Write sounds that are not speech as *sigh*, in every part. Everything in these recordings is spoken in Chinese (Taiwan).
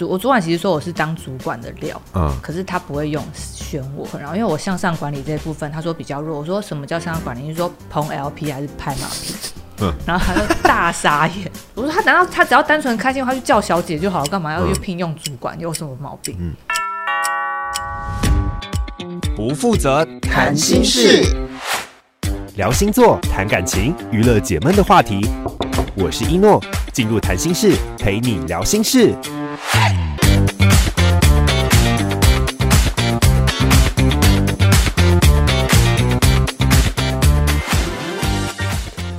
我昨晚其實說我是當主管的料，嗯，可是他不會用選我，然後因為我向上管理這一部分，他說比較弱。我說什麼叫向上管理？你是說捧 LP 還是拍馬屁？嗯，然後他就大傻眼。 *laughs* 我說他難道他只要單純開心，他就叫小姐就好，幹嘛要去聘用主管？嗯，有什麼毛病？嗯，不負責談心事，聊星座、談感情、娛樂解悶的話題，我是一諾，進入談心室陪你聊心事。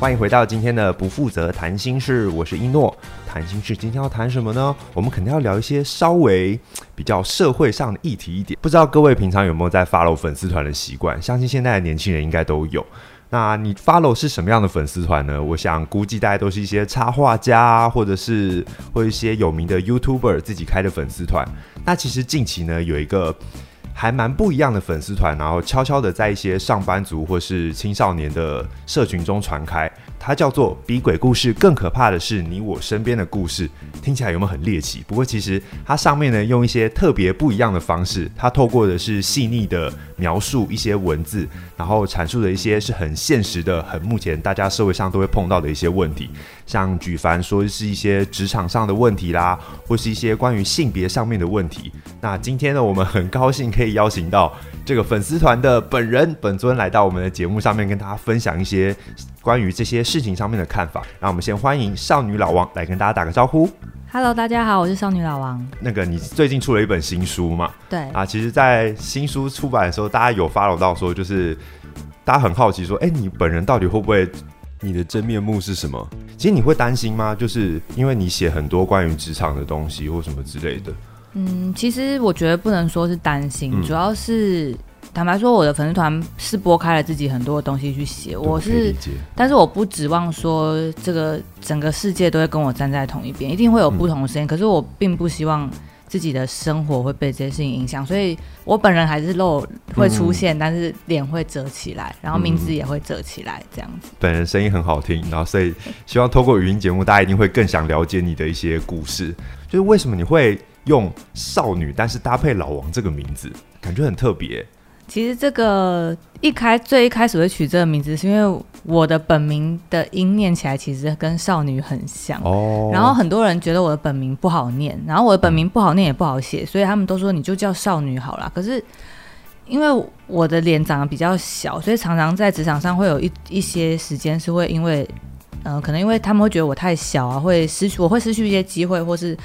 歡迎回到今天的不負責談心事，我是一諾。談心事今天要談什麼呢？我們肯定要聊一些稍微比較社會上的議題一點。不知道各位平常有沒有在 follow 粉絲團的習慣？相信現在的年輕人應該都有。那你 follow 是什麼樣的粉絲團呢？我想估計大家都是一些插畫家，或者是或一些有名的 YouTuber 自己開的粉絲團。那其實近期呢，有一個。還蠻不一樣的粉絲團，然後悄悄的在一些上班族或是青少年的社群中傳開。它叫做比鬼故事更可怕的是你我身邊的故事，聽起來有沒有很獵奇？不過其實它上面呢，用一些特別不一樣的方式，它透過的是細膩的描述一些文字，然後闡述的一些是很現實的、很目前大家社會上都會碰到的一些問題，像舉凡說是一些職場上的問題啦，或是一些關於性別上面的問題。那今天呢，我們很高興可以邀請到。這個粉絲團的本人本尊來到我們的節目上面，跟大家分享一些關於這些事情上面的看法。那我們先歡迎少女老王來跟大家打個招呼。Hello，大家好，我是少女老王。那個你最近出了一本新書嘛？對啊，其實，在新書出版的時候，大家有發問到說，就是大家很好奇說，哎，你本人到底會不會你的真面目是什麼？其實你會擔心嗎？就是因為你寫很多關於職場的東西或什麼之類的。嗯，其實我覺得不能說是擔心、嗯，主要是坦白說，我的粉絲團是撥開了自己很多的東西去寫，我是，但是我不指望說這個整個世界都會跟我站在同一邊，一定會有不同的聲音、嗯。可是我並不希望自己的生活會被這些事情影響，所以我本人還是露會出現，嗯嗯，但是臉會折起來，然後名字也會折起來，這樣子。嗯嗯，本人聲音很好聽，然後所以希望透過語音節目，大家一定會更想了解你的一些故事，就是為什麼你會。用少女，但是搭配老王這個名字，感覺很特別、欸。其實這個一開最一開始我會取這個名字，是因為我的本名的音念起來其實跟少女很像。哦。然後很多人覺得我的本名不好念，然後我的本名不好念也不好寫、嗯，所以他們都說你就叫少女好了。可是因為我的臉長得比較小，所以常常在職場上會有一一些時間是會因為、呃，可能因為他們會覺得我太小啊，會失去我會失去一些機會或是。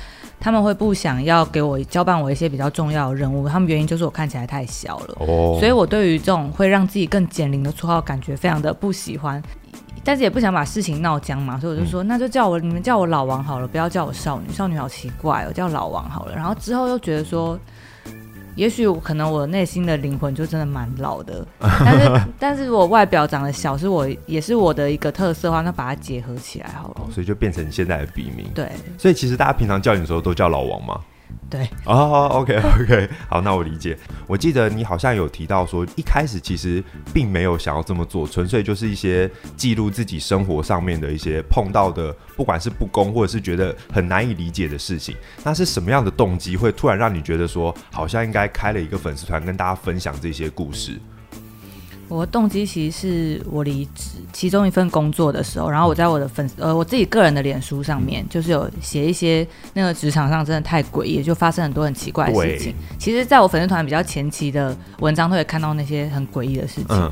他們會不想要給我交辦我一些比較重要的任務，他們原因就是我看起來太小了，oh. 所以，我對於這種會讓自己更減齡的綽號感覺非常的不喜歡、嗯，但是也不想把事情鬧僵嘛，所以我就說，嗯、那就叫我你們叫我老王好了，不要叫我少女，少女好奇怪、哦，我叫老王好了。然後之後又覺得說。也許可能我內心的靈魂就真的蠻老的， *laughs* 但是但是如果外表長得小是我也是我的一個特色的話，那把它結合起來好了，哦，所以就變成現在的筆名。對，所以其實大家平常叫你的時候都叫老王嗎？對，好好好，OK，OK 好，那我理解。我記得你好像有提到說，一開始其實並沒有想要這麼做，純粹就是一些記錄自己生活上面的一些碰到的，不管是不公或者是覺得很難以理解的事情。那是什麼樣的動機會突然讓你覺得說，好像應該開了一個粉絲團，跟大家分享這些故事？我的動機其實是我離職其中一份工作的時候，然後我在我的粉絲呃我自己個人的臉書上面，就是有寫一些那個職場上真的太詭異，就發生很多很奇怪的事情。其實在我粉絲團比較前期的文章，都會看到那些很詭異的事情，嗯。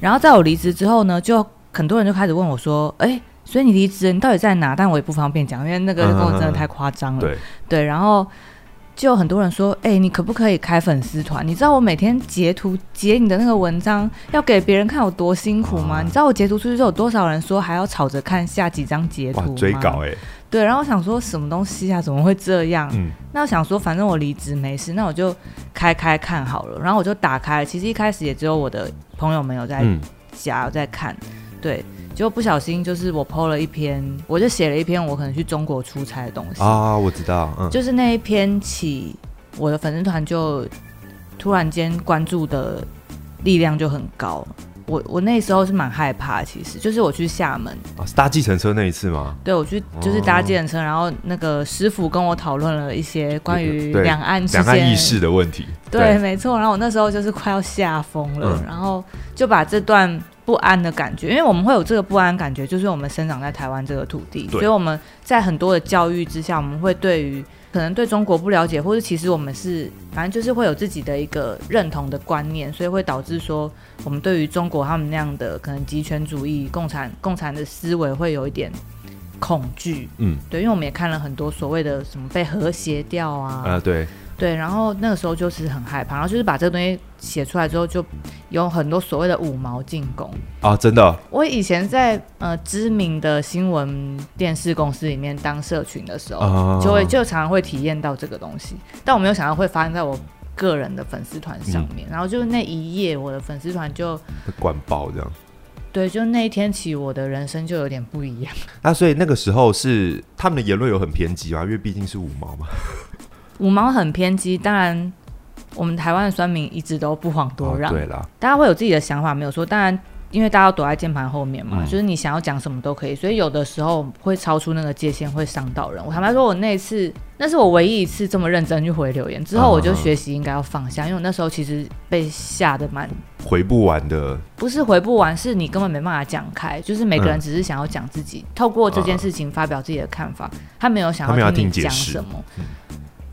然後在我離職之後呢，就很多人就開始問我說：“哎，欸，所以你離職，你到底在哪？”但我也不方便講，因為那個跟我真的太誇張了，嗯嗯，對。對，然後。就有很多人說，哎、欸，你可不可以開粉絲團？你知道我每天截圖截你的那個文章，要給別人看有多辛苦嗎？你知道我截圖出去之後有多少人說還要吵着看下幾張截圖？哇，最高哎！對，然後我想說什麼東西啊？怎麼會這樣？嗯、那我想說反正我離職沒事，那我就開開看好了。然後我就打開了，其實一開始也只有我的朋友們有在家、嗯、有在看，對。就不小心，就是我 po 了一篇，我就寫了一篇我可能去中國出差的東西啊、哦，我知道，嗯，就是那一篇起，我的粉絲團就突然間關注的力量就很高，我我那時候是蠻害怕，其實就是我去廈門、啊、是搭計程車那一次嗎？對，我去就是搭計程車、哦，然後那個師傅跟我討論了一些關於兩岸兩岸意識的問題，對，對沒錯，然後我那時候就是快要嚇瘋了、嗯，然後就把這段。不安的感覺，因為我們會有這個不安感覺，就是我們生長在台灣這個土地，所以我們在很多的教育之下，我們會對於可能對中國不了解，或者其實我們是反正就是會有自己的一個認同的觀念，所以會導致說我們對於中國他們那樣的可能極權主義、共產共產的思維會有一點恐懼。嗯，對，因為我們也看了很多所謂的什麼被和諧掉啊，啊，對。對，然後那個時候就是很害怕，然後就是把這個東西寫出來之後，就有很多所謂的五毛進攻啊！真的，我以前在呃知名的新聞電視公司裡面當社群的時候，啊、就會就常常會體驗到這個東西，但我沒有想到會發生在我個人的粉絲團上面。嗯、然後就那一夜，我的粉絲團就被灌爆、嗯、這樣。對，就那一天起，我的人生就有點不一樣。那所以那個時候是他們的言論有很偏激啊，因為畢竟是五毛嘛。 *laughs* 五毛很偏激，當然，我們台灣的酸民一直都不遑多讓。哦、對了，大家會有自己的想法沒有？說，當然，因為大家都躲在鍵盤後面嘛、嗯，就是你想要講什麼都可以。所以有的時候會超出那個界限，會傷到人。我坦白說，我那一次那是我唯一一次這麼認真去回留言，之後我就學習應該要放下、啊，因為我那時候其實被嚇得蠻回不完的。不是回不完，是你根本沒辦法講開。就是每個人只是想要講自己、嗯，透過這件事情發表自己的看法，啊、他沒有想要聽你講什麼。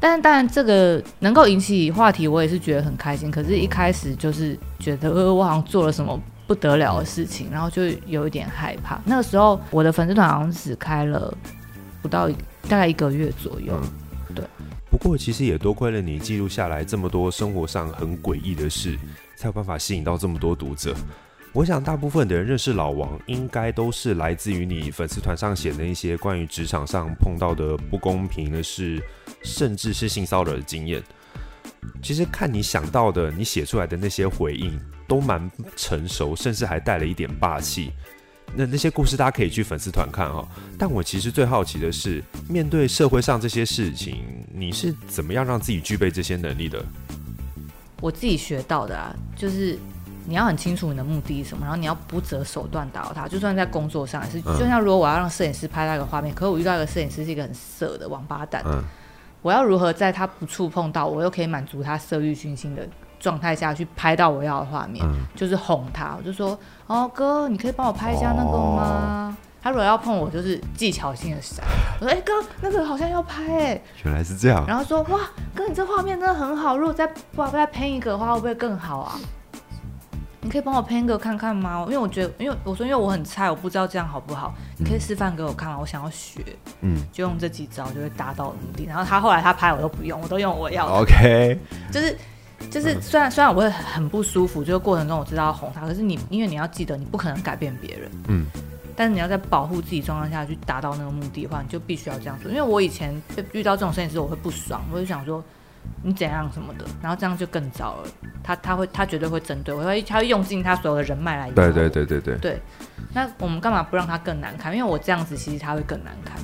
但是當然，這個能夠引起話題，我也是覺得很開心。可是，一開始就是覺得，呃，我好像做了什麼不得了的事情，然後就有一點害怕。那個時候，我的粉絲團好像只開了不到大概一個月左右。對。不過，其實也多虧了你記錄下來這麼多生活上很詭異的事，才有辦法吸引到這麼多讀者。我想，大部分的人認識老王，應該都是來自於你粉絲團上寫的一些關於職場上碰到的不公平的事，甚至是性騷擾的經驗。其實看你想到的，你寫出來的那些回應都蠻成熟，甚至還帶了一點霸氣。那那些故事大家可以去粉絲團看哦。但我其實最好奇的是，面對社會上這些事情，你是怎麼樣讓自己具備這些能力的？我自己學到的啊，就是。你要很清楚你的目的是什麼，然後你要不擇手段達到它。就算在工作上也是，嗯、就像如果我要讓攝影師拍到一個畫面，可是我遇到一個攝影師是一個很色的王八蛋，嗯、我要如何在他不觸碰到我，我又可以滿足他色欲熏心的狀態下去拍到我要的畫面，嗯？就是哄他，我就說哦哥，你可以幫我拍一下那個嗎？哦？他如果要碰我，就是技巧性的閃。我說哎、欸、哥，那個好像要拍哎，原來是這樣。然後說哇哥，你這畫面真的很好，如果再哇再拍一個的話，會不會更好啊？你可以幫我拍一個看看嗎？因為我覺得，因為我說，因為我很菜，我不知道這樣好不好。嗯、你可以示範給我看嗎？我想要學。嗯，就用這幾招，就會達到目的。然後他後來他拍我都不用，我都用我要的。OK，就是就是，雖然、uh. 雖然我會很不舒服，就是、過程中我知道要哄他，可是你因為你要記得，你不可能改變別人。嗯，但是你要在保護自己狀況下去達到那個目的的話，你就必須要這樣做、嗯。因為我以前遇到這種事情時，我會不爽，我就想說。你怎樣什麼的，然後這樣就更糟了。他他會他絕對會針對我，他會用盡他所有的人脈來。對對對對對對。那我們幹嘛不讓他更難看？因為我這樣子其實他會更難看。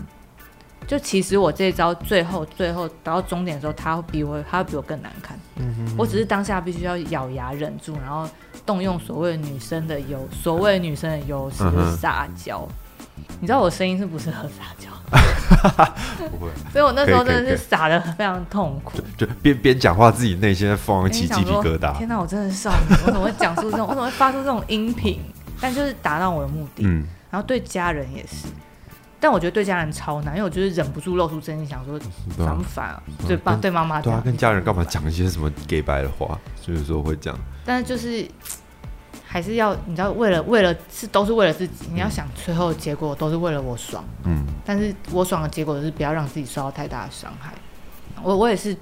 就其實我這一招最後最後達到終點的時候他，他會比我他會比我更難看，嗯嗯。我只是當下必須要咬牙忍住，然後動用所謂女生的優所謂女生的優勢撒嬌。嗯你知道我聲音是不是適合撒嬌？ *laughs* *laughs* 不會， *laughs* 所以我那時候真的是撒的非常痛苦，可以可以可以就邊邊講話自己內心在縫起雞皮疙瘩。天哪，我真的是少女， *laughs* 我怎麼會講出這種， *laughs* 我怎麼會發出這種音頻？ *laughs* 但就是達到我的目的，嗯，然後對家人也是，但我覺得對家人超難，因為我就是忍不住露出真心，想說想反、嗯、啊？嗯、啊對爸，對媽媽，對啊，跟家人幹嘛講一些什麼給白的話？ *laughs* 所以說會這樣，但是就是。還是要，你知道，為了為了是都是為了自己，嗯。你要想最後的結果都是為了我爽，嗯。但是我爽的結果就是不要讓自己受到太大的傷害。我我也是，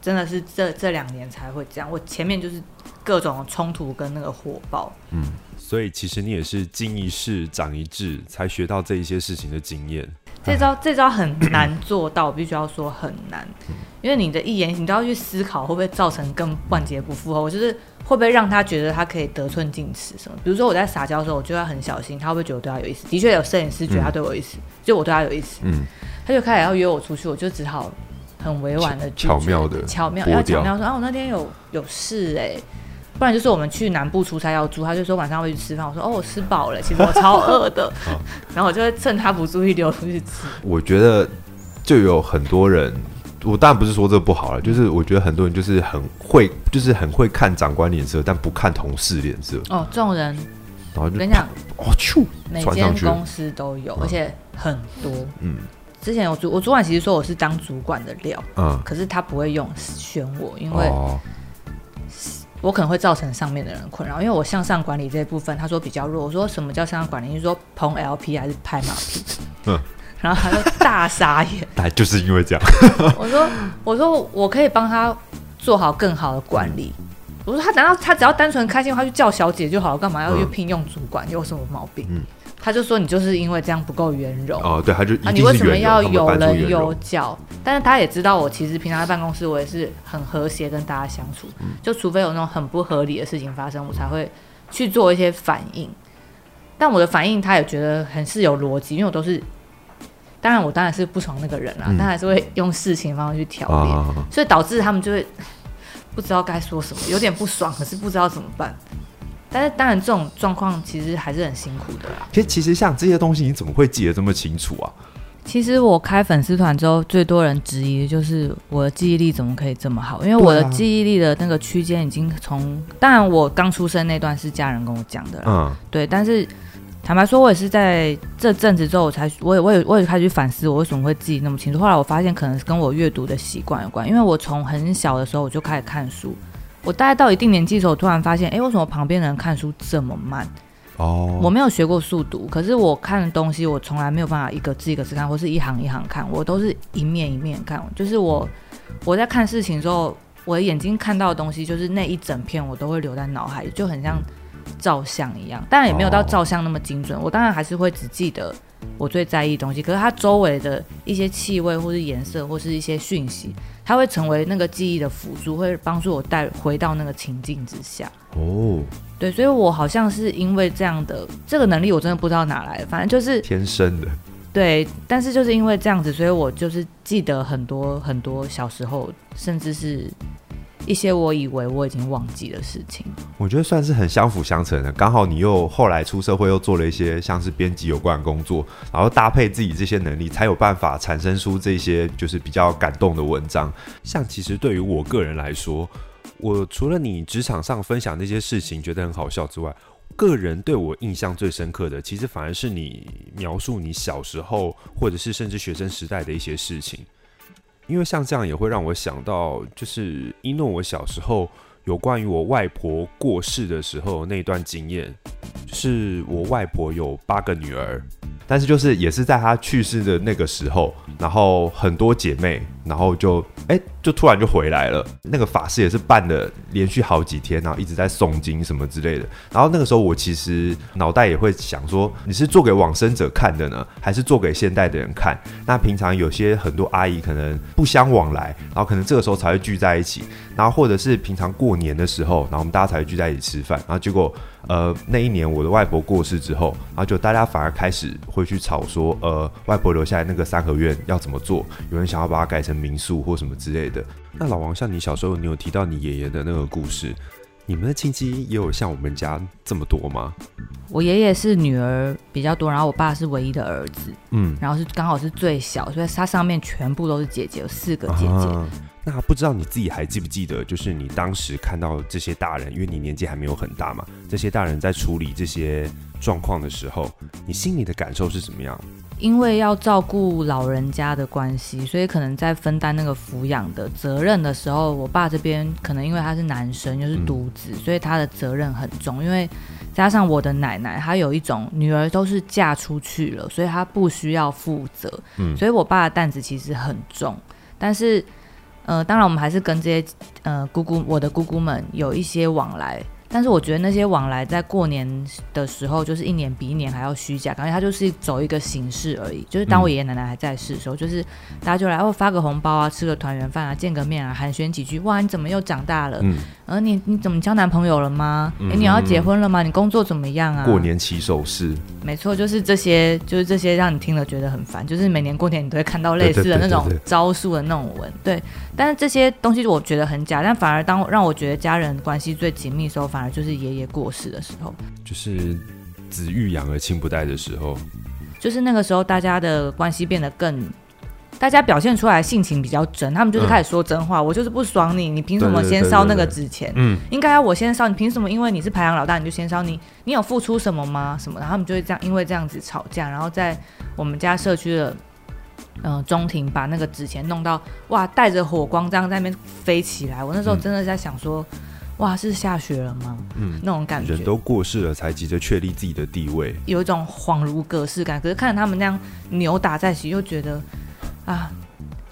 真的是這這兩年才會這樣。我前面就是各種衝突跟那個火爆，嗯。所以其實你也是經一事長一智，才學到這一些事情的經驗，嗯。這招這招很難做到， *coughs* 我必須要說很難，因為你的一言，你都要去思考會不會造成更萬劫不復。我就是。會不會讓他覺得他可以得寸進尺什麼？比如說我在撒嬌的時候，我就要很小心，他會不會覺得我對他有意思？的確有攝影師覺得他對我有意思，嗯，就我對他有意思。嗯，他就開始要約我出去，我就只好很委婉的巧妙的巧妙，要巧妙說啊，我，哦，那天有有事哎，欸，不然就是我們去南部出差要住，他就說晚上會去吃飯，我說哦，我吃飽了，其實我超餓的， *laughs* *laughs* 然後我就會趁他不注意溜出去吃。我覺得就有很多人。我當然不是說這個不好了，就是我覺得很多人就是很會，就是很會看長官臉色，但不看同事臉色。哦，這種人，跟你講，哦，去每間公司都有、嗯，而且很多。嗯，之前我主我主管其實說我是當主管的料，嗯，可是他不會用選我，因為我可能會造成上面的人困擾、哦，因為我向上管理這部分他說比較弱。我說什麼叫向上管理？就是說捧 LP 還是拍馬屁？嗯。 *laughs* 然後他就大傻眼，哎，就是因為這樣。 *laughs* 我說，我說我可以幫他做好更好的管理。嗯、我說，他難道他只要單純開心他就叫小姐就好了，幹嘛要去聘用主管、嗯、有什麼毛病、嗯？他就說你就是因為這樣不夠圓融哦。對，他就一、啊、你為什麼要有稜有角？但是他也知道我其實平常在辦公室我也是很和諧跟大家相處、嗯，就除非有那種很不合理的事情發生，我才會去做一些反應。但我的反應他也覺得很是有邏輯，因為我都是。當然，我當然是不爽那個人啦、啊，但、嗯、還是會用事情的方式去調解、啊，所以導致他們就會不知道該說什麼，有點不爽，可是不知道怎麼辦。但是當然，這種狀況其實還是很辛苦的啦。其實，其實像這些東西，你怎麼會記得這麼清楚啊？其實我開粉絲團之後，最多人質疑的就是我的記憶力怎麼可以這麼好，因為我的記憶力的那個區間已經從……當然，我剛出生那段是家人跟我講的啦，嗯，對，但是。坦白說，我也是在這陣子之後，我才，我也，我也，我也開始反思，我為什麼會記憶那麼清楚。後來我發現，可能是跟我閱讀的習慣有關，因為我從很小的時候我就開始看書。我大概到一定年紀的時候，突然發現，哎、欸，為什麼旁邊的人看書這麼慢？哦、oh.，我沒有學過速讀，可是我看的東西，我從來沒有辦法一個字一個字看，或是一行一行看，我都是一面一面看。就是我，我在看事情的時候，我的眼睛看到的東西，就是那一整片，我都會留在腦海裡，就很像。照相一樣，當然也沒有到照相那麼精準。Oh. 我當然還是會只記得我最在意的東西，可是它周圍的一些氣味，或是顏色，或是一些訊息，它會成為那個記憶的輔助，會幫助我帶回到那個情境之下。哦，Oh. 對，所以我好像是因為這樣的這個能力，我真的不知道哪來的，反正就是天生的。對，但是就是因為這樣子，所以我就是記得很多很多小時候，甚至是。一些我以為我已經忘記的事情，我覺得算是很相輔相成的。剛好你又後來出社會，又做了一些像是編輯有關的工作，然後搭配自己這些能力，才有辦法產生出這些就是比較感動的文章。像其實對於我個人來說，我除了你職場上分享那些事情覺得很好笑之外，個人對我印象最深刻的，其實反而是你描述你小時候或者是甚至學生時代的一些事情。因為像這樣也會讓我想到，就是一諾，我小時候有關於我外婆過世的時候那段經驗，就是我外婆有八個女兒。但是就是也是在他去世的那個時候，然後很多姐妹，然後就哎、欸，就突然就回來了。那個法事也是辦了連續好幾天，然後一直在誦經什麼之類的。然後那個時候我其實腦袋也會想說，你是做給往生者看的呢，還是做給現代的人看？那平常有些很多阿姨可能不相往來，然後可能這個時候才會聚在一起，然後或者是平常過年的時候，然後我們大家才會聚在一起吃飯，然後結果。呃，那一年我的外婆過世之後，然後就大家反而開始會去吵說，呃，外婆留下來那個三合院要怎麼做？有人想要把它改成民宿或什麼之類的。那老王，像你小時候，你有提到你爺爺的那個故事，你們的親戚也有像我們家這麼多嗎？我爺爺是女兒比較多，然後我爸是唯一的兒子，嗯，然後是剛好是最小，所以他上面全部都是姐姐，有四個姐姐。啊那不知道你自己還記不記得，就是你當時看到這些大人，因為你年紀還沒有很大嘛，這些大人在處理這些狀況的時候，你心裡的感受是怎麼樣？因為要照顧老人家的關係，所以可能在分擔那個撫養的責任的時候，我爸這邊可能因為他是男生又，就是獨子，嗯，所以他的責任很重。因為加上我的奶奶，她有一種女兒都是嫁出去了，所以她不需要負責。嗯，所以我爸的擔子其實很重，但是。呃，當然，我們還是跟這些呃姑姑、我的姑姑們有一些往來，但是我覺得那些往來在過年的時候，就是一年比一年還要虛假，感覺他就是走一個形式而已。就是當我爺爺奶奶還在世的時候，嗯、就是大家就來哦發個紅包啊，吃個團圓飯啊，見個面啊，寒暄幾句。哇，你怎麼又長大了？嗯而你你怎麼交男朋友了嗎？哎、欸，你要結婚了嗎、嗯？你工作怎麼樣啊？過年起手式，沒錯，就是這些，就是這些，讓你聽了覺得很煩。就是每年過年，你都會看到類似的那種招數的那種文，對，對，對，對，對，對。但是這些東西我覺得很假，但反而當讓我覺得家人關係最緊密的時候，反而就是爺爺過世的時候，就是子欲養而親不待的時候，就是那個時候大家的關係變得更。大家表現出來性情比較真，他們就是開始說真話。嗯、我就是不爽你，你憑什麼先燒那個紙錢對對對對對？嗯，應該要我先燒。你憑什麼？因為你是排行老大，你就先燒。你你有付出什麼嗎？什麼？然後他們就會這樣，因為這樣子吵架，然後在我們家社區的嗯、呃、中庭把那個紙錢弄到哇，帶着火光這樣在那邊飛起來。我那時候真的是在想說、嗯，哇，是下雪了嗎？嗯，那種感覺。人都過世了才急着確立自己的地位，有一種恍如隔世感。可是看着他們那樣扭打在一起，又覺得。啊，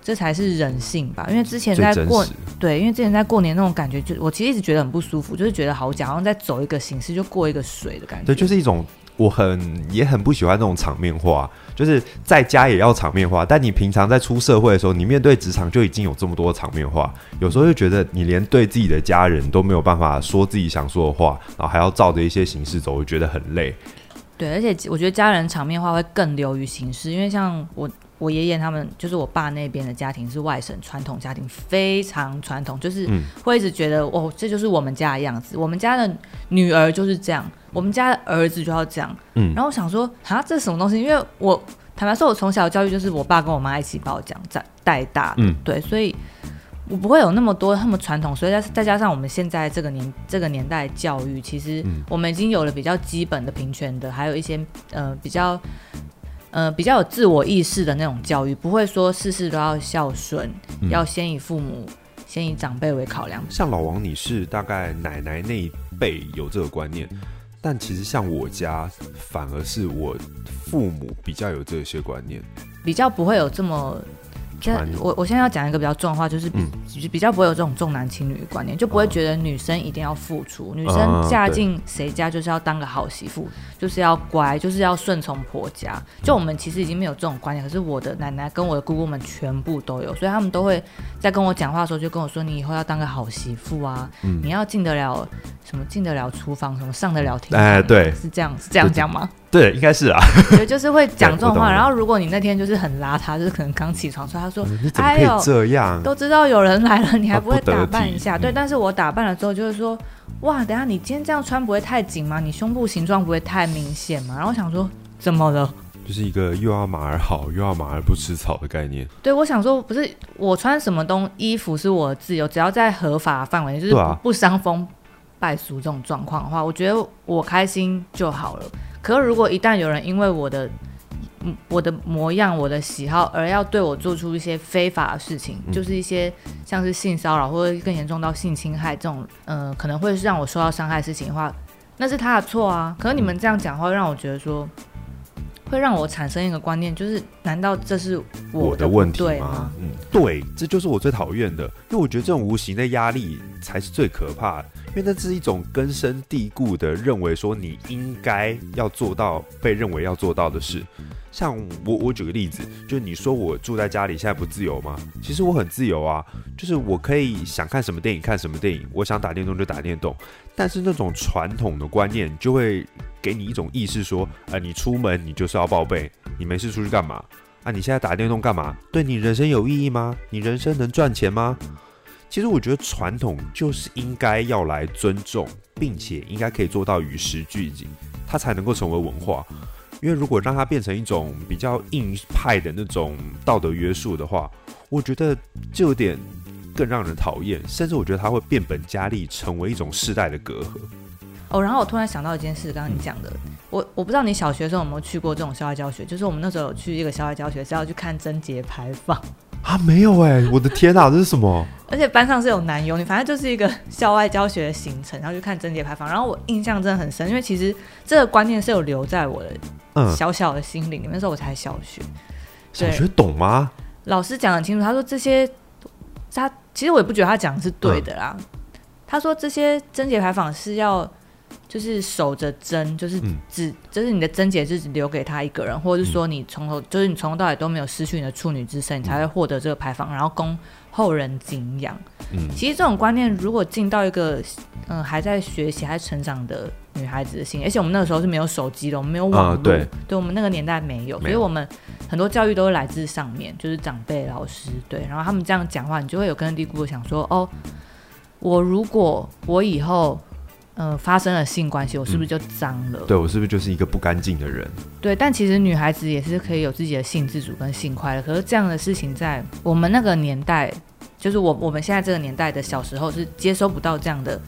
這才是人性吧？因為之前在過對，因為之前在過年那種感覺就，就我其實一直覺得很不舒服，就是覺得好假，好像在走一個形式，就過一個水的感覺。對，就是一種我很也很不喜歡那種場面化，就是在家也要場面化。但你平常在出社會的時候，你面對職場就已經有這麼多場面化，有時候就覺得你連對自己的家人都沒有辦法說自己想說的話，然後還要照着一些形式走，我覺得很累。對，而且我覺得家人場面化會更流於形式，因為像我。我爺爺他們就是我爸那邊的家庭是外省傳統家庭，非常傳統，就是會一直覺得、嗯、哦，這就是我們家的樣子。我們家的女兒就是這樣，我們家的兒子就要這樣。嗯，然後我想說啊，這是什麼東西？因為我坦白說，我從小教育就是我爸跟我媽一起抱、講帶帶大的，嗯，對，所以我不會有那麼多那麼傳統。所以再再加上我們現在這個年這個年代教育，其實我們已經有了比較基本的平權的，還有一些呃比較。呃，比較有自我意識的那種教育，不會說事事都要孝順、嗯，要先以父母、先以長輩為考量。像老王，你是大概奶奶那一輩有這個觀念，但其實像我家，反而是我父母比較有這些觀念，比較不會有這麼。現在我我現在要講一個比較重的話，就是比、嗯、比較不會有這種重男輕女觀念，就不會覺得女生一定要付出，哦、女生嫁進誰家就是要當個好媳婦、哦，就是要乖，就是要順從婆家。就我們其實已經沒有這種觀念，可是我的奶奶跟我的姑姑們全部都有，所以他們都會在跟我講話的時候就跟我說：“你以後要當個好媳婦啊、嗯，你要進得了什麼，進得了廚房，什麼上得了廳堂哎、呃，對，是這樣，是這樣講嗎？對，應該是啊， *laughs* 對，就是會講這種話。然後如果你那天就是很邋遢，就是可能剛起床，所以他說、嗯以，哎呦，這樣，都知道有人來了，你還不會打扮一下？對、嗯，但是我打扮了之後，就是說，哇，等一下你今天這樣穿不會太緊嗎？你胸部形狀不會太明顯嗎？然後我想說，怎麼了？就是一個又要馬兒好，又要馬兒不吃草的概念。對，我想說，不是我穿什麼東西衣服是我的自由，只要在合法範圍，就是不傷風敗俗這種狀況的話、啊，我覺得我開心就好了。可是，如果一旦有人因為我的，嗯，我的模樣、我的喜好而要對我做出一些非法的事情，就是一些像是性騷擾，或者更嚴重到性侵害這種，嗯、呃，可能會讓我受到傷害的事情的話，那是他的錯啊。可是你們這樣講話，讓我覺得說。會讓我產生一個觀念，就是難道這是我的，我的問題嗎？嗯，對，這就是我最討厭的，因為我覺得這種無形的壓力才是最可怕的，因為那是一種根深蒂固的認為，說你應該要做到被認為要做到的事。像我，我舉個例子，就是你說我住在家裡現在不自由嗎？其實我很自由啊，就是我可以想看什麼電影看什麼電影，我想打電動就打電動，但是那種傳統的觀念就會。給你一種意識，說，哎、呃，你出門你就是要報備，你沒事出去幹嘛？啊，你現在打電動幹嘛？對你人生有意義嗎？你人生能賺錢嗎？其實我覺得傳統就是應該要來尊重，並且應該可以做到與時俱進，它才能夠成為文化。因為如果讓它變成一種比較硬派的那種道德約束的話，我覺得就有點更讓人討厭，甚至我覺得它會變本加厲，成為一種世代的隔閡。哦，然後我突然想到一件事，剛剛你講的，我我不知道你小學的時候有沒有去過這種校外教學，就是我們那時候有去一個校外教學是要去看貞節牌坊啊，沒有哎，我的天啊， *laughs* 這是什麼？而且班上是有男友，你反正就是一個校外教學的行程，然後去看貞節牌坊，然後我印象真的很深，因為其實這個觀念是有留在我的小小的心靈裡面。嗯，那時候我才小學，小學懂嗎？老師講得很清楚，他說這些他其實我也不覺得他講的是對的啦，嗯、他說這些貞節牌坊是要。就是守着貞，就是只，嗯、就是你的貞潔是只留給他一個人，或者是說你從頭、嗯，就是你從頭到尾都沒有失去你的處女之身，嗯、你才會獲得這個牌坊，然後供後人敬仰。嗯，其實這種觀念如果進到一個，嗯，還在學習、還在成長的女孩子的心，而且我們那個時候是沒有手機的，我們沒有網絡，啊、對，對，我們那個年代沒有，沒有，所以我們很多教育都是來自上面，就是長輩、老師，對，然後他們這樣講話，你就會有根深蒂固的想說，哦，我如果我以後。嗯、呃，發生了性關係，我是不是就髒了？嗯、對，我是不是就是一個不乾淨的人？對，但其實女孩子也是可以有自己的性自主跟性快樂。可是這樣的事情在我們那個年代，就是我我們現在這個年代的小時候是接收不到這樣的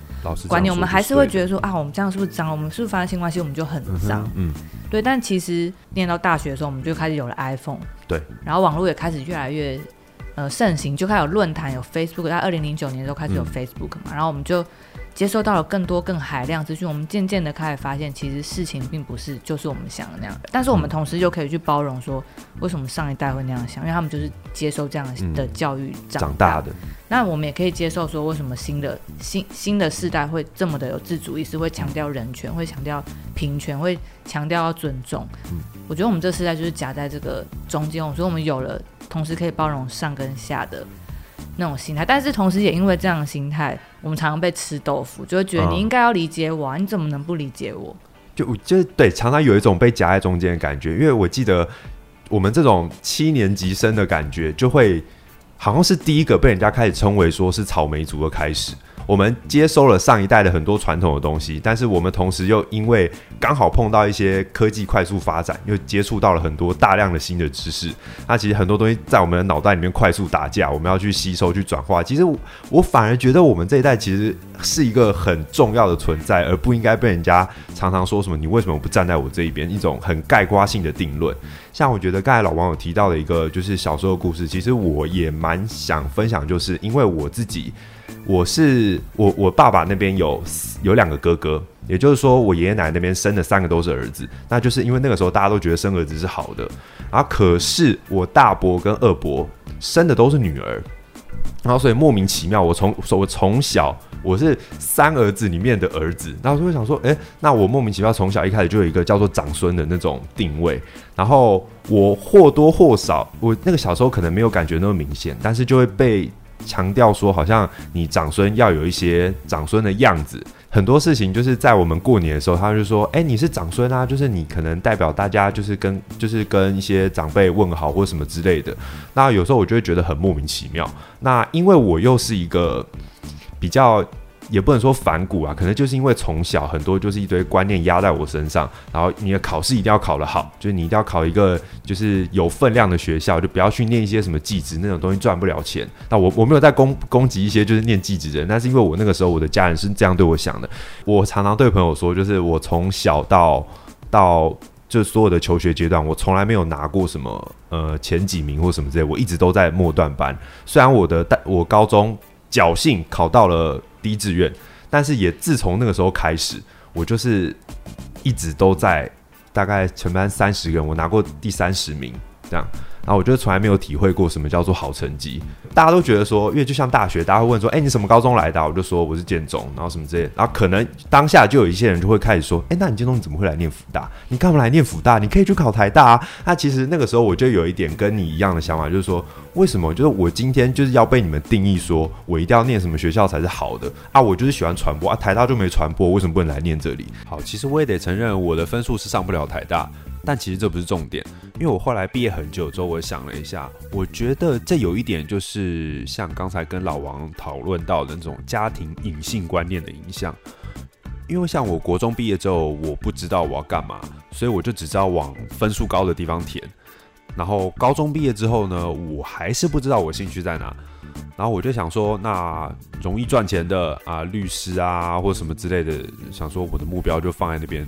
觀念。我們還是會覺得說啊，我們這樣是不是髒？我們是不是發生性關係我們就很髒，嗯？嗯，對。但其實念到大學的時候，我們就開始有了 iPhone，對，然後網絡也開始越來越呃盛行，就開始有論壇，有 Facebook，在二零零九年的時候開始有 Facebook 嘛，嗯、然後我們就。接收到了更多、更海量資訊，我們漸漸地開始發現，其實事情並不是就是我們想的那樣。但是我們同時又可以去包容，說為什麼上一代會那樣想，因為他們就是接受這樣的教育長大，嗯，長大的。那我們也可以接受說，為什麼新的新新的世代會這麼的有自主意識，會強調人權，會強調平權，會強調要尊重，嗯。我覺得我們這世代就是夾在這個中間，所以我們有了同時可以包容上跟下的那種心態，但是同時也因為這樣的心態，我們常常被吃豆腐，就會覺得你應該要理解我啊，啊嗯，你怎麼能不理解我？就就是對，常常有一種被夾在中間的感覺。因為我記得我們這種七年級生的感覺，就會好像是第一個被人家開始稱為說是草莓族的開始。我們接收了上一代的很多傳統的東西，但是我們同時又因為剛好碰到一些科技快速發展，又接觸到了很多大量的新的知識。那其實很多東西在我們的腦袋裡面快速打架，我們要去吸收、去轉化。其實我，我反而覺得我們這一代其實是一個很重要的存在，而不應該被人家常常說什麼“你為什麼不站在我這一邊”一種很概括性的定論。像我覺得剛才老王有提到的一個就是小時候的故事，其實我也蠻想分享，就是因為我自己。我是我我爸爸那邊有有兩個哥哥，也就是說我爺爺奶奶那邊生的三個都是兒子，那就是因為那個時候大家都覺得生兒子是好的，然後可是我大伯跟二伯生的都是女兒，然後所以莫名其妙我從我從小我是三兒子裡面的兒子，那就會想說，誒、欸，那我莫名其妙從小一開始就有一個叫做長孫的那種定位，然後我或多或少我那個小時候可能沒有感覺那麼明顯，但是就會被。強調說，好像你長孫要有一些長孫的樣子，很多事情就是在我們過年的時候，他就說：“哎、欸，你是長孫啊，就是你可能代表大家，就是跟就是跟一些長輩問好或什麼之類的。”那有時候我就會覺得很莫名其妙。那因為我又是一個比較。也不能說反骨啊，可能就是因為從小很多就是一堆觀念壓在我身上，然後你的考試一定要考得好，就是你一定要考一個就是有分量的學校，就不要去念一些什麼技職那種東西賺不了錢。那我我沒有在攻攻擊一些就是念技職的人，但是因為我那個時候我的家人是這樣對我想的。我常常對朋友說，就是我從小到到就是所有的求學階段，我從來沒有拿過什麼呃前幾名或什麼之類，我一直都在末段班。雖然我的但我高中僥倖考到了，低志願，但是也自從那個時候開始，我就是一直都在，大概全班三十個人，我拿過第三十名這樣，然後我就從來沒有體會過什麼叫做好成績。大家都覺得說，因為就像大學，大家會問說：“哎、欸，你什麼高中來的、啊？”我就說：“我是建中。”然後什麼之類，然後可能當下就有一些人就會開始說：“哎、欸，那你建中你怎麼會來念輔大？你幹嘛來念輔大？你可以去考台大啊！”那其實那個時候我就有一點跟你一樣的想法，就是說，為什麼就是我今天就是要被你們定義說我一定要念什麼學校才是好的啊？我就是喜歡傳播啊，台大就沒傳播，為什麼不能來念這裡？好，其實我也得承認，我的分數是上不了台大，但其實這不是重點，因為我後來畢業很久之後，我想了一下，我覺得這有一點就是。是像剛才跟老王討論到的那種家庭隱性觀念的影響，因為像我國中畢業之後，我不知道我要幹嘛，所以我就只知道往分數高的地方填。然後高中畢業之後呢，我還是不知道我興趣在哪，然後我就想說，那容易賺錢的啊，律師啊，或者什麼之類的，想說我的目標就放在那邊。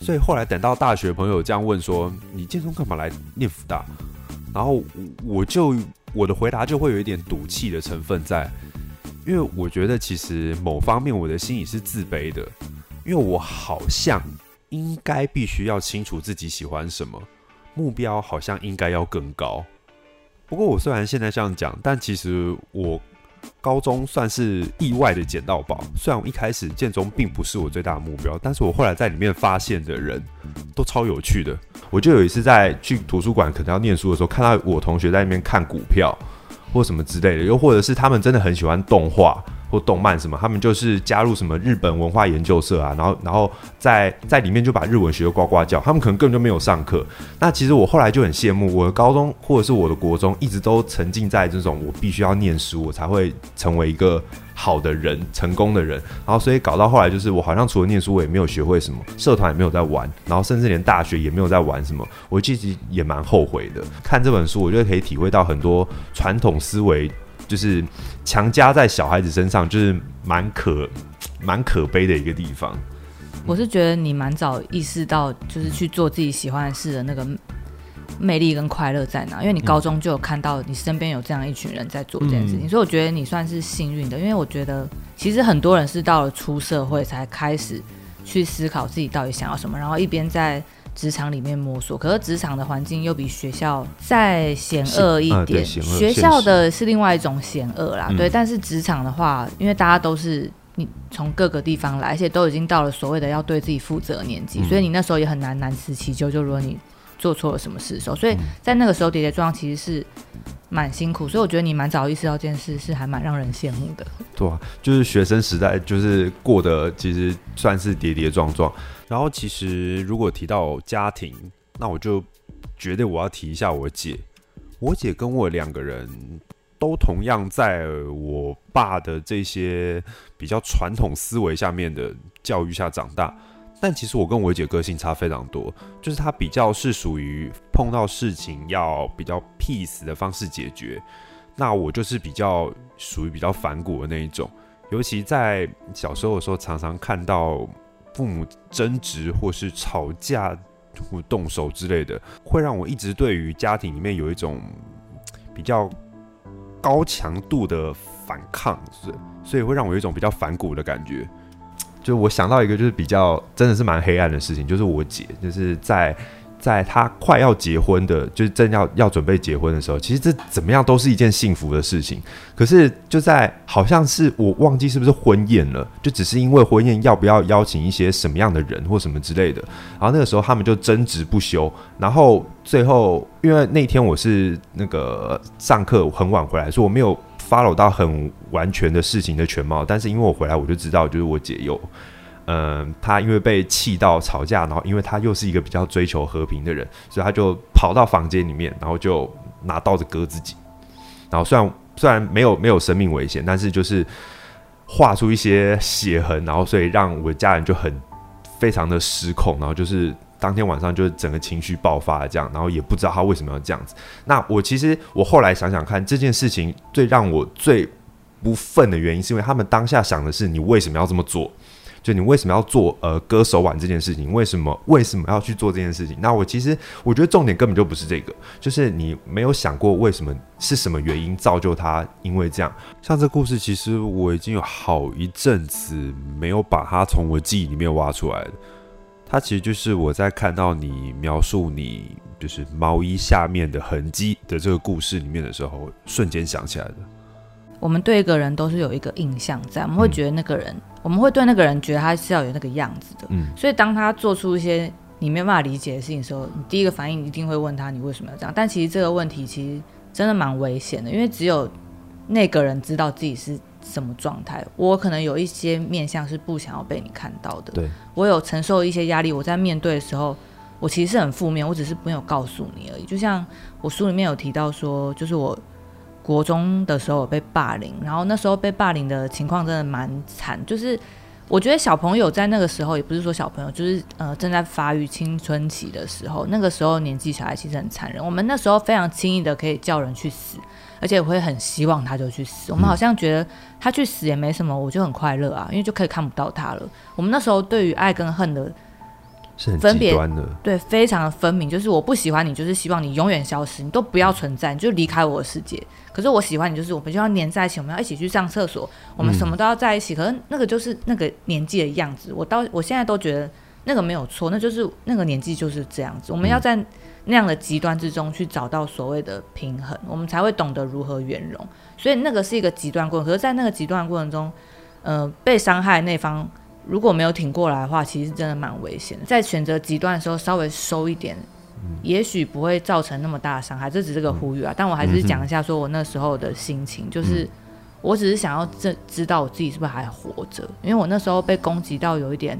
所以後來等到大學朋友這樣問說：“你建中幹嘛來念輔大？”然後我就我的回答就會有一點賭氣的成分在，因為我覺得其實某方面我的心裡是自卑的，因為我好像應該必須要清楚自己喜歡什麼，目標好像應該要更高。不過我雖然現在這樣講，但其實我。高中算是意外的撿到寶。雖然我一開始建中並不是我最大的目標，但是我後來在裡面發現的人都超有趣的。我就有一次在去圖書館，可能要念書的時候，看到我同學在那邊看股票或什麼之類的，又或者是他們真的很喜歡動畫。或動漫什麼，他們就是加入什麼日本文化研究社啊，然後，然後在在裡面就把日文學的呱呱叫，他們可能根本就沒有上課。那其實我後來就很羨慕我的高中或者是我的國中，一直都沉浸在這種我必須要念書，我才會成為一個好的人、成功的人。然後，所以搞到後來就是我好像除了念書，我也沒有學會什麼，社團也沒有在玩，然後甚至連大學也沒有在玩什麼。我自己也蠻後悔的。看這本書，我就可以體會到很多傳統思維，就是強加在小孩子身上，就是蠻可蠻可悲的一個地方。我是覺得你蠻早意識到，就是去做自己喜歡的事的那個魅力跟快樂在哪。因為你高中就有看到你身邊有這樣一群人在做這件事情，嗯，所以我覺得你算是幸運的。因為我覺得其實很多人是到了出社會才開始去思考自己到底想要什麼，然後一邊在。職場裡面摸索，可是職場的環境又比學校再險惡一點、啊。學校的是另外一種險惡啦、嗯，對。但是職場的話，因為大家都是你從各個地方來，而且都已經到了所謂的要對自己負責的年紀、嗯，所以你那時候也很難難辭其咎。就如果你。做錯了什麼事的時候，所以在那個時候跌跌撞撞其實是蠻辛苦，所以我覺得你蠻早意識到這件事是還蠻讓人羨慕的。嗯對啊，對就是學生時代就是過得其實算是跌跌撞撞。然後其實如果提到家庭，那我就覺得我要提一下我姐。我姐跟我兩個人都同樣在我爸的這些比較傳統思維下面的教育下長大。但其實我跟我姐個性差非常多，就是她比較是屬於碰到事情要比較 peace 的方式解決，那我就是比較屬於比較反骨的那一種。尤其在小時候的時候，常常看到父母爭執或是吵架或動手之類的，會讓我一直對於家庭裡面有一種比較高強度的反抗，是，所以會讓我有一種比較反骨的感覺。就我想到一個，就是比較真的是蠻黑暗的事情，就是我姐，就是在在她快要結婚的，就是正要要準備結婚的時候，其實這怎麼樣都是一件幸福的事情。可是就在好像是我忘記是不是婚宴了，就只是因為婚宴要不要邀請一些什麼樣的人或什麼之類的。然後那個時候他們就爭執不休，然後最後因為那天我是那個上課很晚回來，所以我沒有。follow 到很完全的事情的全貌，但是因為我回來，我就知道，就是我姐有，嗯，她因為被氣到吵架，然後因為她又是一個比較追求和平的人，所以她就跑到房間裡面，然後就拿刀子割自己，然後雖然雖然沒有沒有生命危險，但是就是畫出一些血痕，然後所以讓我的家人就很非常的失控，然後就是。當天晚上就是整個情緒爆發了，這樣，然後也不知道他為什麼要這樣子。那我其實我後來想想看，這件事情最讓我最不憤的原因，是因為他們當下想的是你為什麼要這麼做？就你為什麼要做呃割手腕這件事情？為什麼為什麼要去做這件事情？那我其實我覺得重點根本就不是這個，就是你沒有想過為什麼是什麼原因造就他因為這樣。像這故事，其實我已經有好一陣子沒有把它從我記憶裡面挖出來了。他其實就是我在看到你描述你就是毛衣下面的痕跡的這個故事裡面的時候，瞬間想起來的。我們對一個人都是有一個印象在，我們會覺得那個人、嗯，我們會對那個人覺得他是要有那個樣子的。嗯，所以當他做出一些你沒有辦法理解的事情的時候，你第一個反應一定會問他，你為什麼要這樣？但其實這個問題其實真的蠻危險的，因為只有那個人知道自己是。什麼狀態？我可能有一些面向是不想要被你看到的。對，我有承受一些壓力。我在面對的時候，我其實是很負面，我只是沒有告訴你而已。就像我書裡面有提到說，就是我國中的時候我被霸凌，然後那時候被霸凌的情況真的蠻慘。就是我覺得小朋友在那個時候，也不是說小朋友，就是呃正在發育青春期的時候，那個時候年紀小，其實很殘忍。我們那時候非常輕易的可以叫人去死。而且我會很希望他就去死，我們好像覺得他去死也沒什麼，嗯、我就很快樂啊，因為就可以看不到他了。我們那時候對於愛跟恨的分，分別，是很極端的，對，非常的分明。就是我不喜歡你，就是希望你永遠消失，你都不要存在，你就離開我的世界。可是我喜歡你，就是我們就要黏在一起，我們要一起去上廁所，我們什麼都要在一起。可是那個就是那個年紀的樣子。我到我現在都覺得那個沒有錯，那就是那個年紀就是這樣子。我們要在。那樣的極端之中去找到所謂的平衡，我們才會懂得如何圓融。所以那個是一個極端過程，可是，在那個極端過程中，嗯、呃，被傷害那方如果沒有挺過來的話，其實真的蠻危險的。在選擇極端的時候，稍微收一點，嗯、也許不會造成那麼大的傷害。這只是個呼籲啊！但我還是講一下，說我那時候的心情，就是我只是想要這知道我自己是不是還活着，因為我那時候被攻擊到有一點。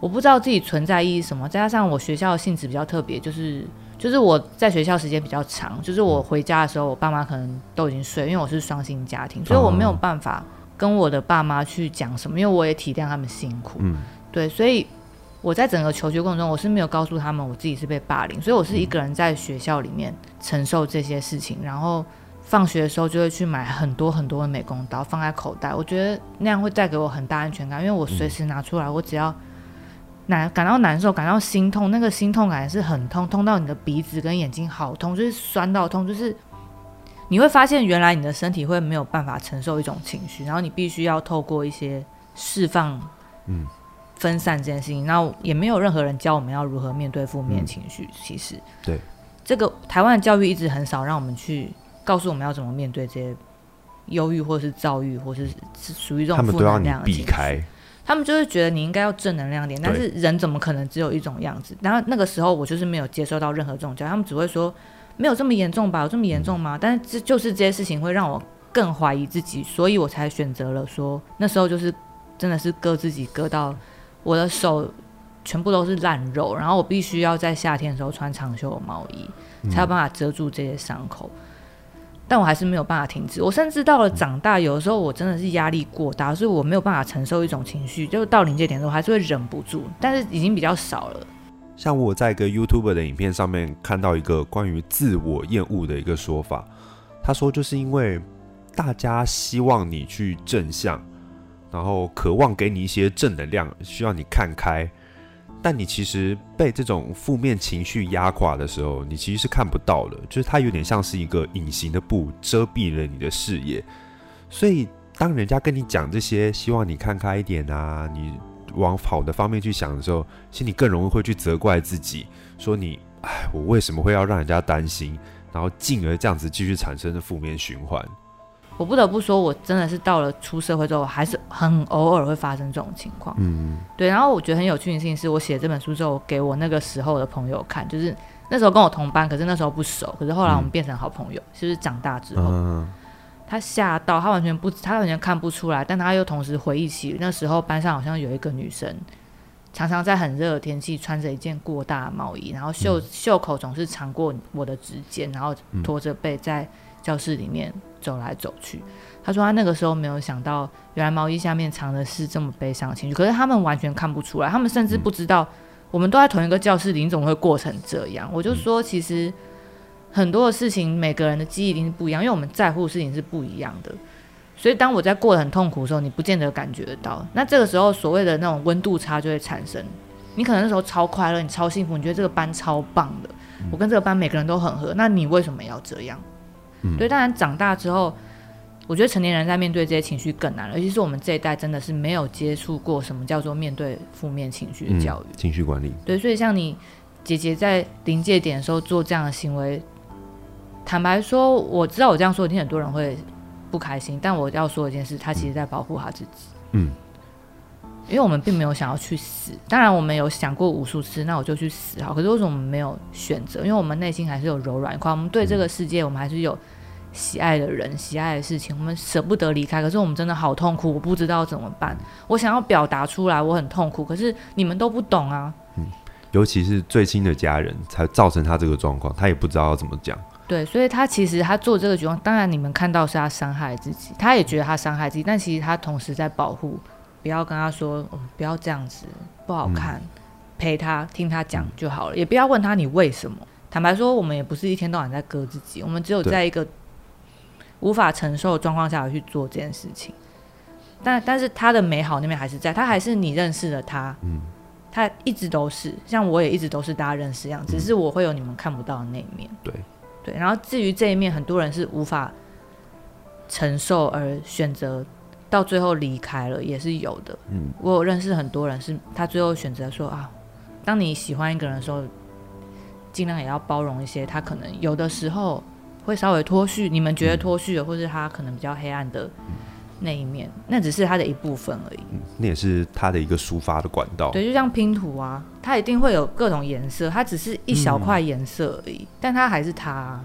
我不知道自己存在意義什麼，再加上我學校的性質比較特別，就是就是我在學校時間比較長，就是我回家的時候，我爸媽可能都已經睡，因為我是雙薪家庭，所以我沒有辦法跟我的爸媽去講什麼，因為我也體諒他們辛苦，嗯，對，所以我在整個求學過程中，我是沒有告訴他們我自己是被霸凌，所以我是一個人在學校裡面承受這些事情，然後放學的時候就會去買很多很多的美工刀放在口袋，我覺得那樣會帶給我很大安全感，因為我隨時拿出來，我只要。難感到難受，感到心痛，那個心痛感是很痛，痛到你的鼻子跟眼睛好痛，就是酸到痛，就是你會發現原來你的身體會沒有辦法承受一種情緒，然後你必須要透過一些釋放、嗯分散這件事情。那、嗯、也沒有任何人教我們要如何面對負面情緒、嗯，其實對這個台灣的教育一直很少讓我們去告訴我們要怎麼面對這些憂鬱或是躁鬱，或是屬於這種負面能量的，他們都要你避開。他們就是覺得你應該要正能量點，但是人怎麼可能只有一種樣子？然後那個時候我就是沒有接受到任何這種教，他們只會說，沒有這麼嚴重吧，有這麼嚴重嗎？嗯、但是這就是這些事情會讓我更懷疑自己，所以我才選擇了說，那時候就是真的是割自己割到我的手全部都是爛肉，然後我必須要在夏天的時候穿長袖的毛衣、嗯，才有辦法遮住這些傷口。但我還是沒有辦法停止。我甚至到了長大，有的時候我真的是壓力過大，所以我沒有辦法承受一種情緒，就是到臨界點的時候我還是會忍不住。但是已經比較少了。像我在一個 YouTube 的影片上面看到一個關於自我厭惡的一個說法，他說就是因為大家希望你去正向，然後渴望給你一些正能量，需要你看開。但你其實被這種負面情緒壓垮的時候，你其實是看不到的，就是它有點像是一個隱形的布遮蔽了你的視野。所以當人家跟你講這些，希望你看開一點啊，你往好的方面去想的時候，心裡更容易會去責怪自己，說你哎，我為什麼會要讓人家擔心，然後進而這樣子繼續產生的負面循環。我不得不說，我真的是到了出社會之後，還是很偶爾會發生這種情況。嗯，對。然後我覺得很有趣的事情是，我寫這本書之後，給我那個時候的朋友看，就是那時候跟我同班，可是那時候不熟，可是後來我們變成好朋友。就是長大之後，他嚇到他完全不，他完全看不出來，但他又同時回憶起那時候班上好像有一個女生，常常在很熱的天氣穿着一件過大的毛衣，然後袖袖口總是長過我的指尖，然後拖着背在。教室裡面走來走去，他說他那個時候沒有想到，原來毛衣下面藏的是這麼悲傷的情緒。可是他們完全看不出來，他們甚至不知道，我們都在同一個教室裡，你怎麼會過成這樣？我就說，其實很多的事情，每個人的記憶一定是不一樣，因為我們在乎的事情是不一樣的。所以當我在過得很痛苦的時候，你不見得感覺得到。那這個時候所謂的那種溫度差就會產生，你可能那時候超快樂，你超幸福，你覺得這個班超棒的，我跟這個班每個人都很合。那你為什麼要這樣？對，當然長大之後，我覺得成年人在面對這些情緒更難了，尤其是我們這一代真的是沒有接觸過什麼叫做面對負面情緒的教育，嗯、情緒管理。對，所以像你姐姐在臨界點的時候做這樣的行為，坦白說，我知道我這樣說一定很多人會不開心，但我要說一件事，她其實在保護她自己。嗯。嗯因為我們並沒有想要去死，當然我們有想過無數次，那我就去死好。可是為什麼我們沒有選擇？因為我們內心還是有柔軟一塊，我們對這個世界，我們還是有喜愛的人、嗯、喜愛的事情，我們捨不得離開。可是我們真的好痛苦，我不知道怎麼辦。嗯、我想要表達出來，我很痛苦。可是你們都不懂啊。嗯，尤其是最親的家人才造成他這個狀況，他也不知道要怎麼講。對，所以他其實他做這個舉動，當然你們看到是他傷害自己，他也覺得他傷害自己，但其實他同時在保護。不要跟他說、嗯，不要這樣子，不好看，嗯、陪他聽他講就好了、嗯，也不要問他你為什麼。坦白說，我們也不是一天到晚在割自己，我們只有在一個無法承受的狀況下去做這件事情。但但是他的美好那邊還是在，他還是你認識的他、嗯，他一直都是，像我也一直都是大家認識一樣、嗯，只是我會有你們看不到的那一面，對對。然後至於這一面，很多人是無法承受而選擇。到最後離開了也是有的。嗯，我有認識很多人是，他最後選擇說啊，當你喜歡一個人的時候，儘量也要包容一些，他可能有的時候會稍微脫序，你們覺得脫序的，嗯，或者他可能比較黑暗的那一面，嗯，那只是他的一部分而已。那也是他的一個抒發的管道。對，就像拼圖啊，它一定會有各種顏色，它只是一小塊顏色而已，嗯，但它還是它啊。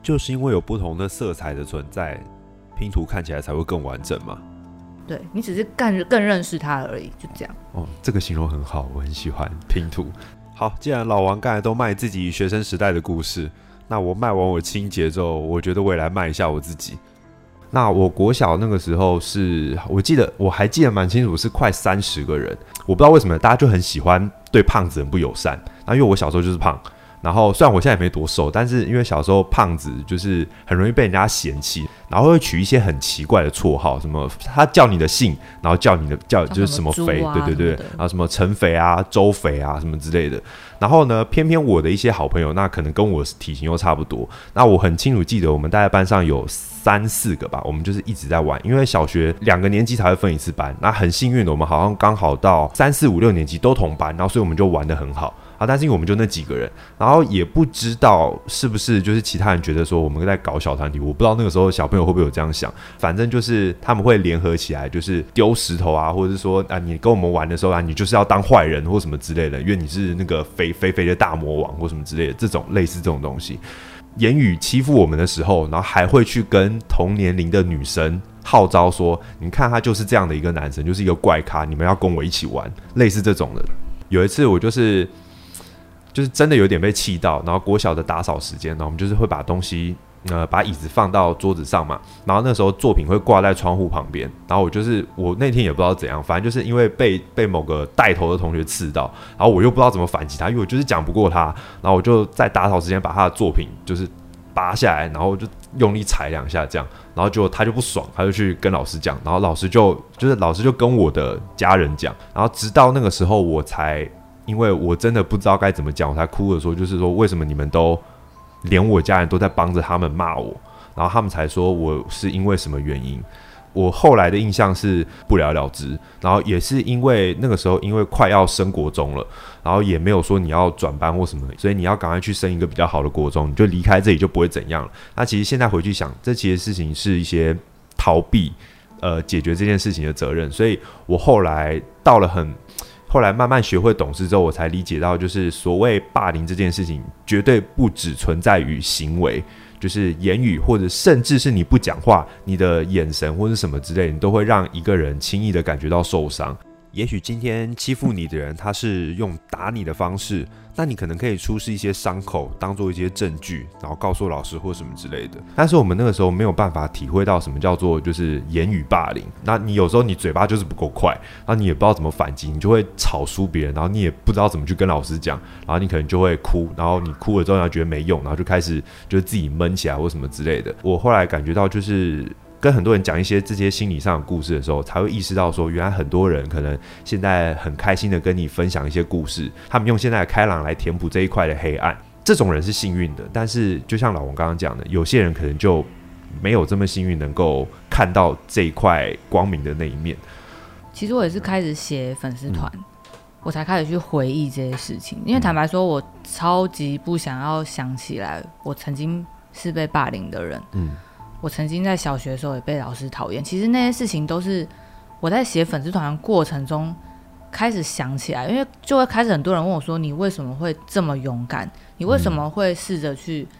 就是因為有不同的色彩的存在，拼圖看起來才會更完整嘛。對你只是更更認識他而已，就這樣。哦，這個形容很好，我很喜歡拼圖。好，既然老王剛才都賣自己學生時代的故事，那我賣完我親戚之後，我覺得我也來賣一下我自己。那我國小那個時候是我記得，我還記得蠻清楚，是快三十個人。我不知道為什麼大家就很喜歡對胖子很不友善，那因為我小時候就是胖。然後雖然我現在也沒多瘦，但是因為小時候胖子就是很容易被人家嫌棄，然後會取一些很奇怪的綽號，什麼他叫你的姓，然後叫你的叫就是什麼肥，啊、對對對，然後什麼陳肥啊、周肥啊什麼之類的。然後呢，偏偏我的一些好朋友，那可能跟我體型又差不多，那我很清楚記得，我們大概班上有三四個吧，我們就是一直在玩，因為小學兩個年級才會分一次班，那很幸運的我們好像剛好到三四五六年級都同班，然後所以我們就玩得很好。但是因為我們就那幾個人，然後也不知道是不是就是其他人覺得說我們在搞小團體，我不知道那個時候小朋友會不會有這樣想。反正就是他們會聯合起來，就是丟石頭啊，或者是說啊，你跟我們玩的時候啊，你就是要當壞人或什麼之類的，因為你是那個肥肥肥的大魔王或什麼之類的，這種類似這種東西，言語欺負我們的時候，然後還會去跟同年齡的女生號召說：“你看他就是這樣的一個男生，就是一個怪咖，你們要跟我一起玩。”類似這種的，有一次我就是。就是真的有點被氣到，然後國小的打掃時間呢，然後我們就是會把東西，呃，把椅子放到桌子上嘛，然後那個時候作品會掛在窗戶旁邊，然後我就是我那天也不知道怎樣，反正就是因為被被某個帶頭的同學刺到，然後我又不知道怎麼反擊他，因為我就是講不過他，然後我就在打掃時間把他的作品就是扒下來，然後就用力踩兩下這樣，然後就他就不爽，他就去跟老師講，然後老師就就是老師就跟我的家人講，然後直到那個時候我才。因為我真的不知道該怎麼講，我才哭的說，就是說為什麼你們都連我家人都在幫着他們罵我，然後他們才說我是因為什麼原因。我後來的印象是不了了之，然後也是因為那個時候，因為快要升國中了，然後也沒有說你要轉班或什麼，所以你要趕快去升一個比較好的國中，你就離開這裡就不會怎樣了。那其實現在回去想，這其實事情是一些逃避呃解決這件事情的責任，所以我後來到了很。後來慢慢學會懂事之後，我才理解到，就是所謂霸凌這件事情，絕對不只存在於行為，就是言語或者甚至是你不講話，你的眼神或者什麼之類，你都會讓一個人輕易的感覺到受傷。也許今天欺負你的人，他是用打你的方式，那你可能可以出示一些傷口，當做一些證據，然後告訴老師或什麼之類的。但是我們那個時候沒有辦法體會到什麼叫做就是言語霸凌。那你有時候你嘴巴就是不夠快，那你也不知道怎麼反擊，你就會吵輸別人，然後你也不知道怎麼去跟老師講，然後你可能就會哭，然後你哭了之後要覺得沒用，然後就開始就自己悶起來或什麼之類的。我後來感覺到就是。跟很多人講一些這些心理上的故事的時候，才會意識到說，原來很多人可能現在很開心的跟你分享一些故事，他們用現在的開朗來填補這一塊的黑暗。這種人是幸運的，但是就像老王剛剛講的，有些人可能就沒有這麼幸運，能夠看到這一塊光明的那一面。其實我也是開始寫粉絲團，嗯，我才開始去回憶這些事情，因為坦白說，我超級不想要想起來我曾經是被霸凌的人。嗯。我曾經在小學的時候也被老師討厭，其實那些事情都是我在寫粉絲團的過程中開始想起來，因為就會開始很多人問我說：“你為什麼會這麼勇敢？你為什麼會試着去、嗯、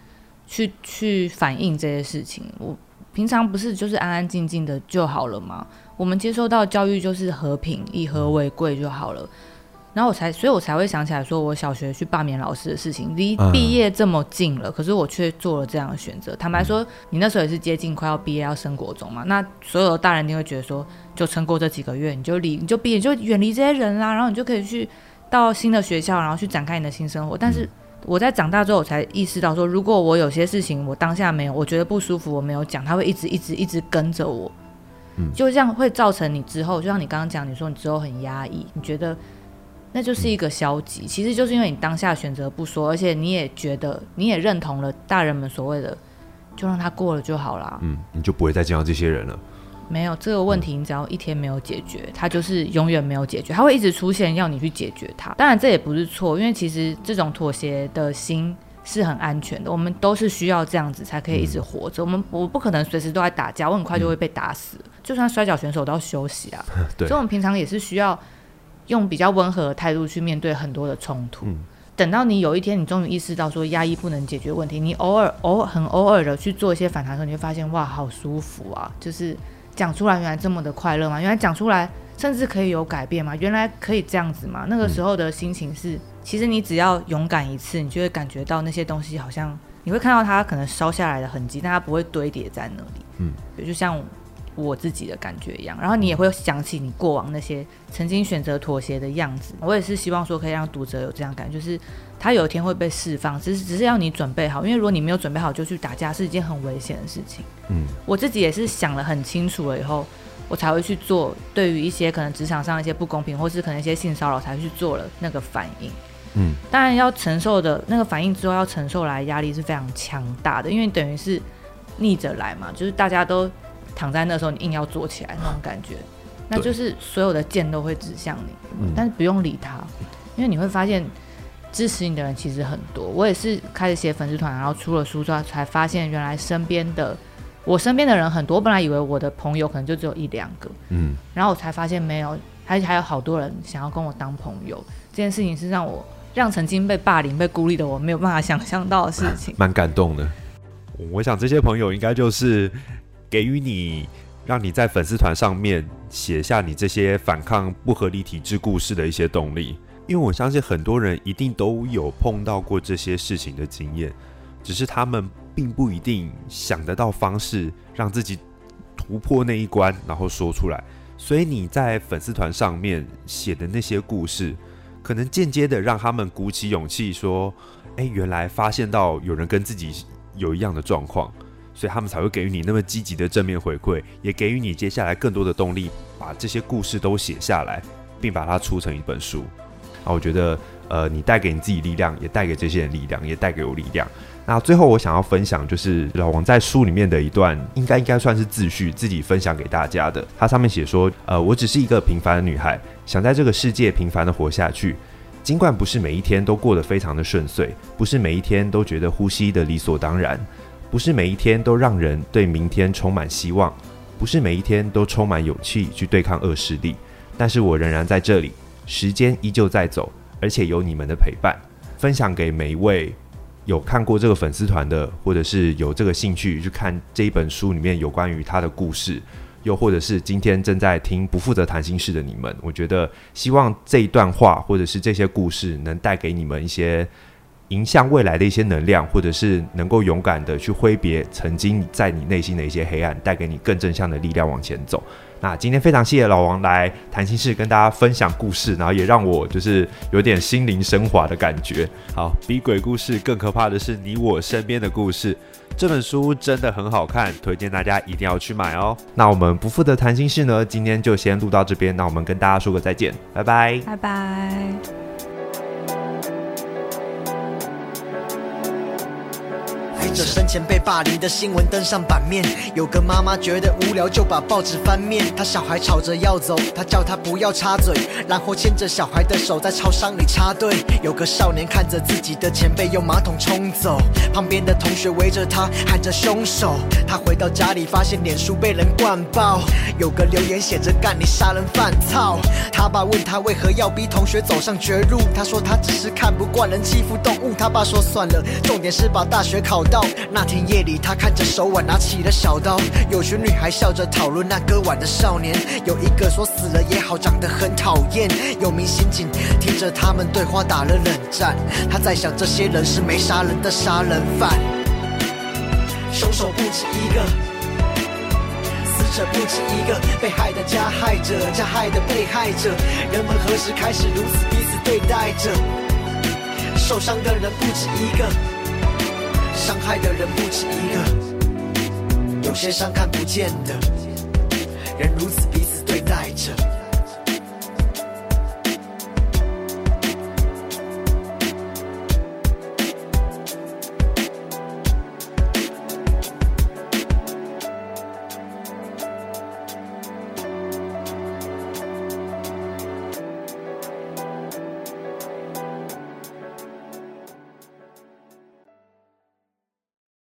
去去反映這些事情？我平常不是就是安安靜靜的就好了嗎？我們接受到教育就是和平，以和為貴就好了。”然後我才，所以我才會想起來說，我小學去罷免老師的事情，離畢業這麼近了。啊，可是我卻做了這樣的選擇。坦白說，你那時候也是接近快要畢業要升國中嘛，那所有的大人你會覺得說，就撐過這幾個月，你就離你就畢業就遠離這些人啦，然後你就可以去到新的學校，然後去展開你的新生活。但是我在長大之後我才意識到說，如果我有些事情我當下沒有，我覺得不舒服，我沒有講，他會一直一直一直跟着我，嗯，就這樣會造成你之後，就像你剛剛講，你說你之後很壓抑，你覺得。那就是一個消極、嗯，其實就是因為你當下選擇不說，而且你也覺得你也認同了大人們所謂的，就讓他過了就好了，嗯，你就不會再見到這些人了。沒有這個問題，你只要一天沒有解決，嗯、他就是永遠沒有解決，他會一直出現要你去解決他。當然這也不是錯，因為其實這種妥協的心是很安全的，我們都是需要這樣子才可以一直活着、嗯。我們我不可能隨時都在打架，我很快就會被打死。嗯、就算摔角選手都要休息啊 *laughs* 對，所以我們平常也是需要。用比較溫和的態度去面對很多的衝突、嗯，等到你有一天你終於意識到說壓抑不能解決問題，你偶爾偶很偶爾的去做一些反彈的時候，你就會發現哇好舒服啊，就是講出來原來這麼的快樂嗎？原來講出來甚至可以有改變嗎？原來可以這樣子嗎？那個時候的心情是、嗯，其實你只要勇敢一次，你就會感覺到那些東西好像你會看到它可能燒下來的痕跡，但它不會堆疊在那裡。嗯，就像。我自己的感覺一樣，然後你也會想起你過往那些曾經選擇妥協的樣子。我也是希望說可以讓讀者有這樣感覺，就是他有一天會被釋放，只是只是要你準備好，因為如果你沒有準備好就去打架，是一件很危險的事情。嗯，我自己也是想了很清楚了以後，我才會去做。對於一些可能職場上一些不公平，或是可能一些性騷擾，才會去做了那個反應。嗯，當然要承受的那個反應之後，要承受來壓力是非常強大的，因為等於是逆着來嘛，就是大家都。躺在那時候，你硬要坐起來那種感覺，那就是所有的箭都會指向你，嗯，但是不用理他，因為你會發現支持你的人其實很多。我也是開始寫粉絲團，然後出了書之後，才發現原來身邊的我身邊的人很多。我本來以為我的朋友可能就只有一兩個，嗯，然後我才發現沒有，還還有好多人想要跟我當朋友。這件事情是讓我讓曾經被霸凌、被孤立的我沒有辦法想象到的事情，啊，蠻感動的。我想這些朋友應該就是。給予你，讓你在粉絲團上面寫下你這些反抗不合理體制故事，的一些動力，因為我相信很多人一定都有碰到過這些事情的經驗，只是他們並不一定想得到方式讓自己突破那一關，然後說出來。所以你在粉絲團上面寫的那些故事，可能間接的讓他們鼓起勇氣說：“哎，原來發現到有人跟自己有一樣的狀況。”所以他們才會給予你那麼積極的正面回饋，也給予你接下來更多的動力，把這些故事都寫下來，並把它出成一本書。啊，我覺得，呃，你帶給你自己力量，也帶給這些人力量，也帶給我力量。那最後我想要分享，就是老王在書裡面的一段，應該應該算是自序，自己分享給大家的。他上面寫說，呃，我只是一個平凡的女孩，想在這個世界平凡的活下去。儘管不是每一天都過得非常的順遂，不是每一天都覺得呼吸得理所當然。不是每一天都讓人對明天充滿希望，不是每一天都充滿勇氣去對抗惡勢力，但是我仍然在這裡，時間依舊在走，而且有你們的陪伴，分享給每一位有看過這個粉絲團的，或者是有這個興趣去看這一本書裡面有關於他的故事，又或者是今天正在聽不負責談心事的你們，我覺得希望這一段話或者是這些故事能帶給你們一些，迎向未來的一些能量，或者是能夠勇敢的去揮別曾經在你內心的一些黑暗，帶給你更正向的力量往前走。那今天非常謝謝老王來談心室跟大家分享故事，然後也讓我就是有點心靈升華的感覺。好，比鬼故事更可怕的是你我身邊的故事，這本書真的很好看，推薦大家一定要去買哦。那我們不負責談心室呢，今天就先錄到這邊，那我們跟大家說個再見，拜拜，拜拜。死者生前被霸凌的新聞登上版面，有個媽媽覺得無聊，就把報紙翻面，她小孩吵着要走，她叫他不要插嘴，然後牽着小孩的手在超商裡插隊。有個少年看着自己的前輩用馬桶沖走，旁邊的同學圍着他喊着凶手。他回到家裡发現臉書被人灌爆，有個留言寫着幹你殺人犯操。他爸問他為何要逼同學走上絕路，他說他只是看不慣人欺負動物。他爸說算了，重點是把大學考。那天夜裡，他看着手腕，拿起了小刀。有群女孩笑着討論那割腕的少年，有一個說死了也好，長得很討厭。有名刑警聽着他們對話打了冷戰，他在想這些人是沒殺人的殺人犯。兇手不止一個，死者不止一個，被害的加害者，加害的被害者，人們何時開始如此彼此對待着？受傷的人不止一個。傷害的人不止一個，有些傷看不見的，人如此彼此對待着。